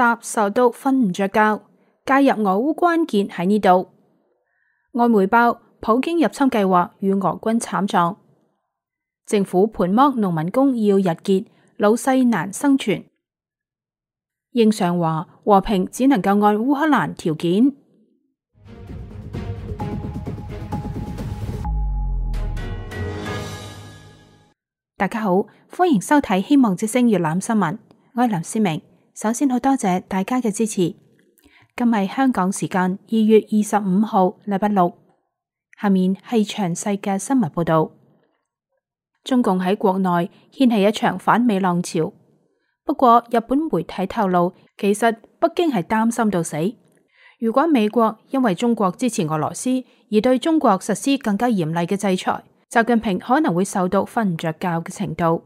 習愁到瞓唔着覺，介入俄烏關鍵喺呢度。外媒爆普京入侵計劃與俄軍慘狀，政府盤剝農民工要日結，老細難生存。應常話和平只能夠按烏克蘭條件。大家好，歡迎收睇《希望之聲》粵覽新聞，我係林詩明。首先好多謝大家嘅支持。今日香港時間二月二十五號禮拜六，下面係詳細嘅新聞報道。中共喺國內掀起一場反美浪潮，不過日本媒體透露，其實北京係擔心到死。如果美國因為中國支持俄羅斯而對中國實施更加嚴厲嘅制裁，習近平可能會受到瞓唔着覺嘅程度。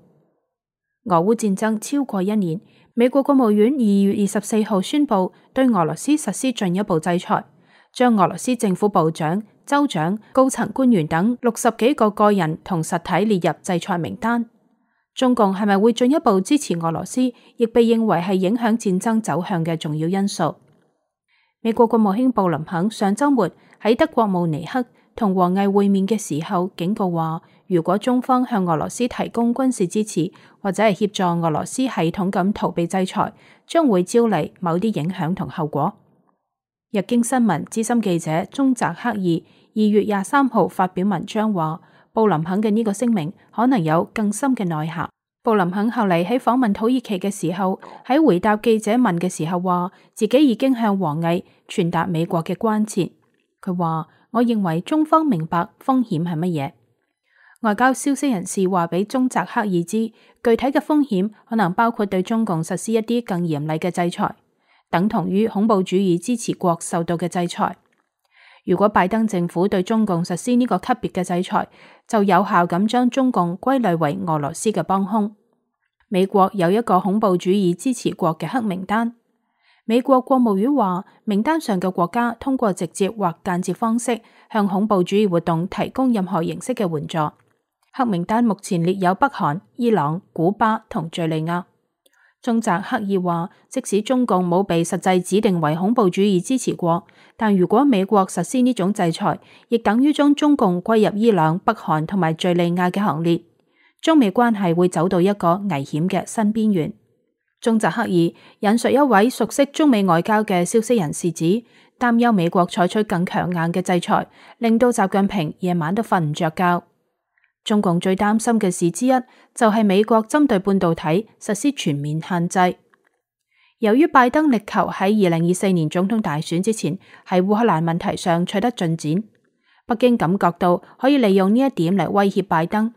俄烏戰爭超過一年，美國國務院二月二十四號宣布對俄羅斯實施進一步制裁，將俄羅斯政府部長、州長、高層官員等六十幾個個人同實體列入制裁名單。中共係咪會進一步支持俄羅斯，亦被認為係影響戰爭走向嘅重要因素？美國國務卿布林肯上周末喺德國慕尼克。同王毅會面嘅時候，警告話：如果中方向俄羅斯提供軍事支持，或者係協助俄羅斯系統咁逃避制裁，將會招嚟某啲影響同後果。日經新聞資深記者中澤克二二月廿三號發表文章話：布林肯嘅呢個聲明可能有更深嘅內涵。布林肯後嚟喺訪問土耳其嘅時候，喺回答記者問嘅時候話，自己已經向王毅傳達美國嘅關切。佢話：我認為中方明白風險係乜嘢。外交消息人士話俾中澤克爾知，具體嘅風險可能包括對中共實施一啲更嚴厲嘅制裁，等同於恐怖主義支持國受到嘅制裁。如果拜登政府對中共實施呢個級別嘅制裁，就有效咁將中共歸類為俄羅斯嘅幫兇。美國有一個恐怖主義支持國嘅黑名單。美國國務院話，名單上嘅國家通過直接或間接方式向恐怖主義活動提供任何形式嘅援助。黑名單目前列有北韓、伊朗、古巴同敘利亞。中澤克爾話，即使中共冇被實際指定為恐怖主義支持國，但如果美國實施呢種制裁，亦等於將中共歸入伊朗、北韓同埋敘利亞嘅行列。中美關係會走到一個危險嘅新邊緣。中澤克爾引述一位熟悉中美外交嘅消息人士指，擔憂美國採取更強硬嘅制裁，令到習近平夜晚都瞓唔着覺。中共最擔心嘅事之一，就係美國針對半導體實施全面限制。由於拜登力求喺二零二四年總統大選之前喺烏克蘭問題上取得進展，北京感覺到可以利用呢一點嚟威脅拜登。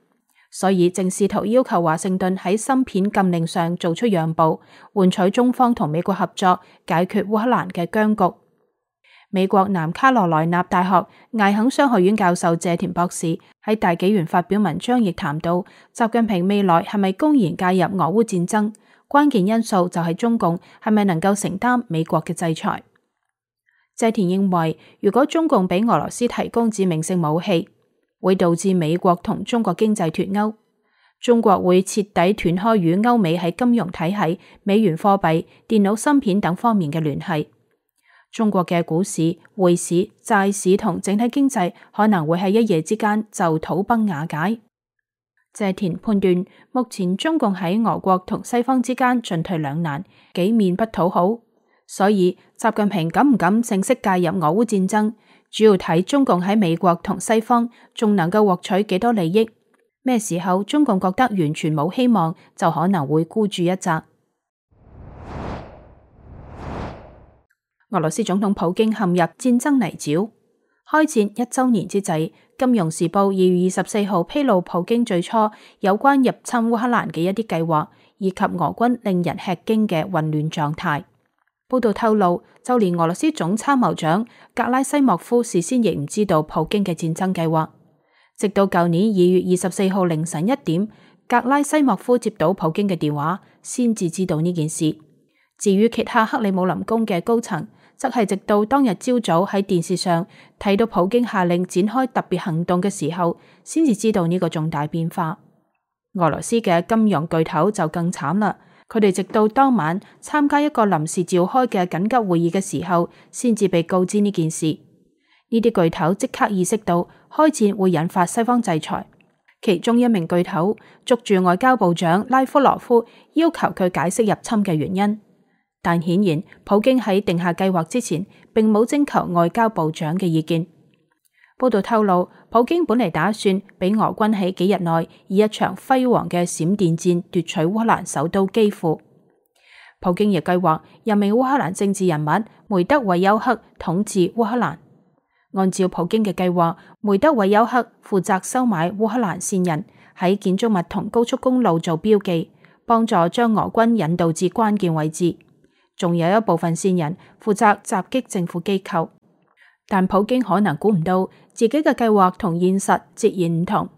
所以正試圖要求華盛頓喺芯片禁令上做出讓步，換取中方同美國合作解決烏克蘭嘅僵局。美國南卡羅來納大學艾肯商學院教授謝田博士喺大紀元發表文章，亦談到習近平未來係咪公然介入俄烏戰爭，關鍵因素就係中共係咪能夠承擔美國嘅制裁。謝田認為，如果中共俾俄羅斯提供致命性武器。會導致美國同中國經濟脫鈎，中國會徹底斷開與歐美喺金融體系、美元貨幣、電腦芯片等方面嘅聯繫。中國嘅股市、匯市、債市同整體經濟可能會喺一夜之間就土崩瓦解。謝田判斷，目前中共喺俄國同西方之間進退兩難，幾面不討好，所以習近平敢唔敢正式介入俄烏戰爭？主要睇中共喺美國同西方仲能夠獲取幾多利益？咩時候中共覺得完全冇希望，就可能會孤注一擲。 俄羅斯總統普京陷入戰爭泥沼，開戰一周年之際，《金融時報》二月二十四號披露普京最初有關入侵烏克蘭嘅一啲計劃，以及俄軍令人吃驚嘅混亂狀態。報道透露，就連俄羅斯總參謀長格拉西莫夫事先亦唔知道普京嘅戰爭計劃，直到舊年二月二十四號凌晨一點，格拉西莫夫接到普京嘅電話，先至知道呢件事。至於其他克里姆林宮嘅高層，則係直到當日朝早喺電視上睇到普京下令展開特別行動嘅時候，先至知道呢個重大變化。俄羅斯嘅金融巨頭就更慘啦。佢哋直到當晚參加一個臨時召開嘅緊急會議嘅時候，先至被告知呢件事。呢啲巨頭即刻意識到開戰會引發西方制裁。其中一名巨頭捉住外交部長拉夫羅夫，要求佢解釋入侵嘅原因。但顯然，普京喺定下計劃之前，並冇徵求外交部長嘅意見。報道透露，普京本嚟打算俾俄軍喺幾日內以一場輝煌嘅閃電戰奪取烏克蘭首都基輔。普京亦計劃任命烏克蘭政治人物梅德韋丘克統治烏克蘭。按照普京嘅計劃，梅德韋丘克負責收買烏克蘭線人喺建築物同高速公路做標記，幫助將俄軍引導至關鍵位置。仲有一部分線人負責襲擊政府機構。但普京可能估唔到自己嘅計劃同現實截然唔同。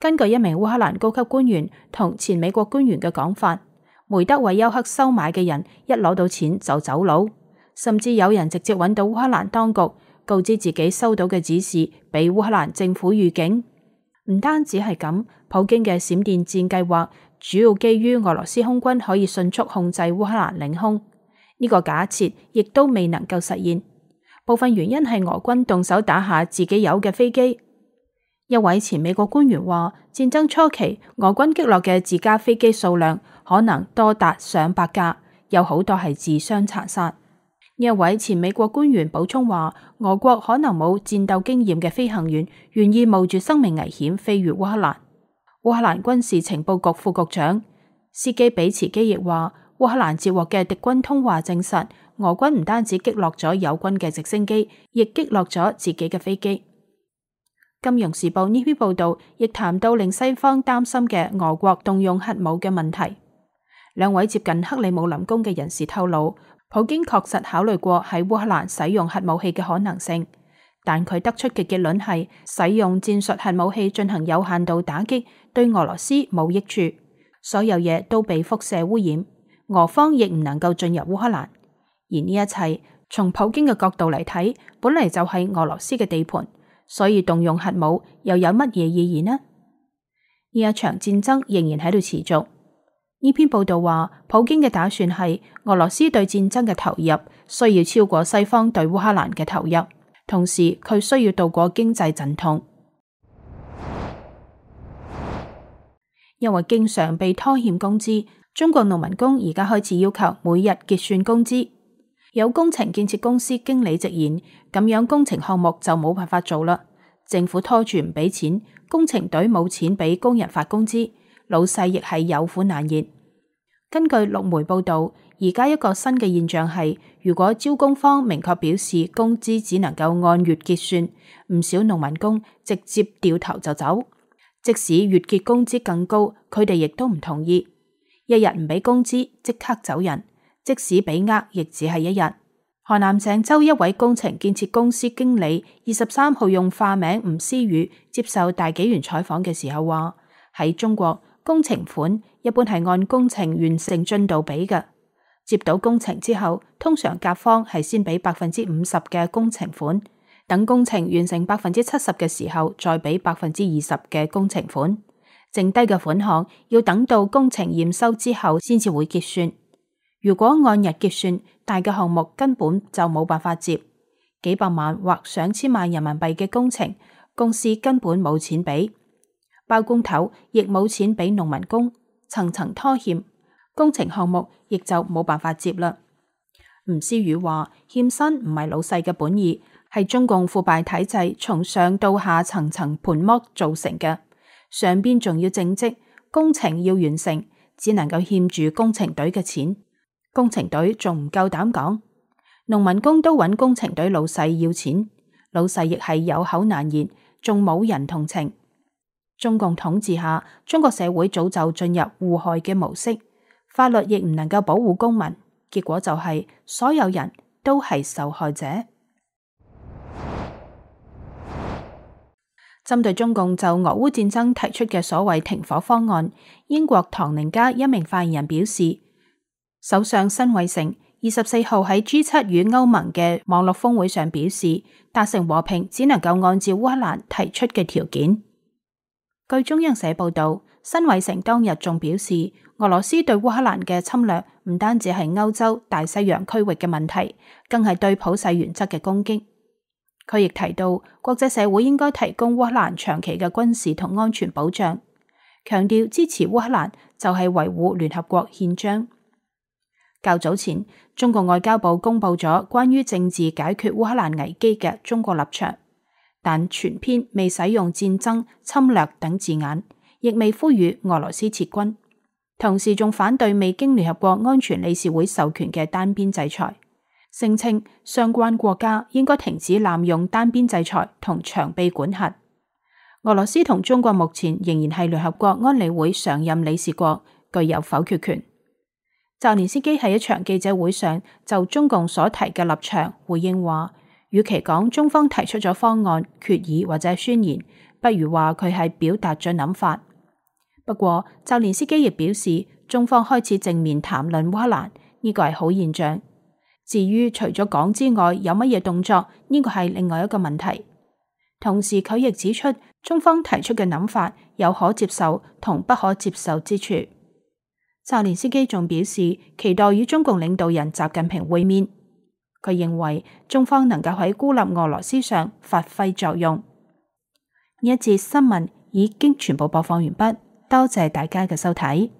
根據一名烏克蘭高級官員同前美國官員嘅講法，梅德韋丘克收買嘅人一攞到錢就走佬，甚至有人直接搵到烏克蘭當局，告知自己收到嘅指示，俾烏克蘭政府預警。唔單止係咁，普京嘅閃電戰計劃主要基於俄羅斯空軍可以迅速控制烏克蘭領空，呢個假設亦都未能夠實現。部分原因係俄軍動手打下自己有嘅飛機。一位前美國官員話：戰爭初期，俄軍擊落嘅自家飛機數量可能多達上百架，有好多係自相殘殺。一位前美國官員補充話：俄國可能冇戰鬥經驗嘅飛行員願意冒住生命危險飛越烏克蘭。烏克蘭軍事情報局副局長斯基比茨基亦話。烏克蘭接獲嘅敵軍通話證實，俄軍唔單止擊落咗友軍嘅直升機，亦擊落咗自己嘅飛機。《金融時報》呢篇報道亦談到令西方擔心嘅俄國動用核武嘅問題。兩位接近克里姆林宮嘅人士透露，普京確實考慮過喺烏克蘭使用核武器嘅可能性，但佢得出嘅結論係使用戰術核武器進行有限度打擊，對俄羅斯冇益處，所有嘢都被輻射污染。俄方亦唔能夠進入烏克蘭，而呢一切從普京嘅角度嚟睇，本嚟就係俄羅斯嘅地盤，所以動用核武又有乜嘢意義呢？呢一場戰爭仍然喺度持續。呢篇報道話，普京嘅打算係俄羅斯對戰爭嘅投入需要超過西方對烏克蘭嘅投入，同時佢需要度過經濟陣痛，因為經常被拖欠工資。中國農民工而家開始要求每日結算工資。有工程建設公司經理直言，咁樣工程項目就冇辦法做啦。政府拖住唔俾錢，工程隊冇錢俾工人發工資，老細亦係有苦難言。根據陸媒報道，而家一個新嘅現象係，如果招工方明確表示工資只能夠按月結算，唔少農民工直接掉頭就走，即使月結工資更高，佢哋亦都唔同意。一日唔俾工資，即刻走人。即使俾呃，亦只係一日。河南鄭州一位工程建設公司經理二十三號用化名吳思宇接受大紀元採訪嘅時候話：喺中國，工程款一般係按工程完成進度俾嘅。接到工程之後，通常甲方係先俾百分之五十嘅工程款，等工程完成百分之七十嘅時候再，再俾百分之二十嘅工程款。剩低嘅款項要等到工程驗收之後先至會結算。如果按日結算，大嘅項目根本就冇辦法接，幾百萬或上千萬人民幣嘅工程，公司根本冇錢俾，包工頭亦冇錢俾農民工，層層拖欠，工程項目亦就冇辦法接啦。吳思宇話：欠薪唔係老細嘅本意，係中共腐敗體制從上到下層層盤剝造成嘅。上邊仲要政績工程要完成，只能夠欠住工程隊嘅錢。工程隊仲唔夠膽講，農民工都揾工程隊老細要錢，老細亦係有口難言，仲冇人同情。中共統治下，中國社會早就進入互害嘅模式，法律亦唔能夠保護公民，結果就係所有人都係受害者。針對中共就俄烏戰爭提出嘅所謂停火方案，英國唐寧街一名發言人表示，首相辛偉誠二十四號喺 G 七與歐盟嘅網絡峰會上表示，達成和平只能夠按照烏克蘭提出嘅條件。據中央社報道，辛偉誠當日仲表示，俄羅斯對烏克蘭嘅侵略唔單止係歐洲大西洋區域嘅問題，更係對普世原則嘅攻擊。佢亦提到，國際社會應該提供烏克蘭長期嘅軍事同安全保障，強調支持烏克蘭就係維護聯合國憲章。較早前，中國外交部公布咗關於政治解決烏克蘭危機嘅中國立場，但全篇未使用戰爭、侵略等字眼，亦未呼籲俄羅斯撤軍，同時仲反對未經聯合國安全理事會授權嘅單邊制裁。聲稱相關國家應該停止濫用單邊制裁同長臂管轄。俄羅斯同中國目前仍然係聯合國安理會常任理事國，具有否決權。澤連斯基喺一場記者會上就中共所提嘅立場回應話：與其講中方提出咗方案、決議或者宣言，不如話佢係表達咗諗法。不過，澤連斯基亦表示，中方開始正面談論烏克蘭，呢個係好現象。至於除咗講之外，有乜嘢動作？呢個係另外一個問題。同時佢亦指出，中方提出嘅諗法有可接受同不可接受之處。澤連斯基仲表示，期待與中共領導人習近平會面。佢認為中方能夠喺孤立俄羅斯上發揮作用。呢一節新聞已經全部播放完畢，多謝大家嘅收睇。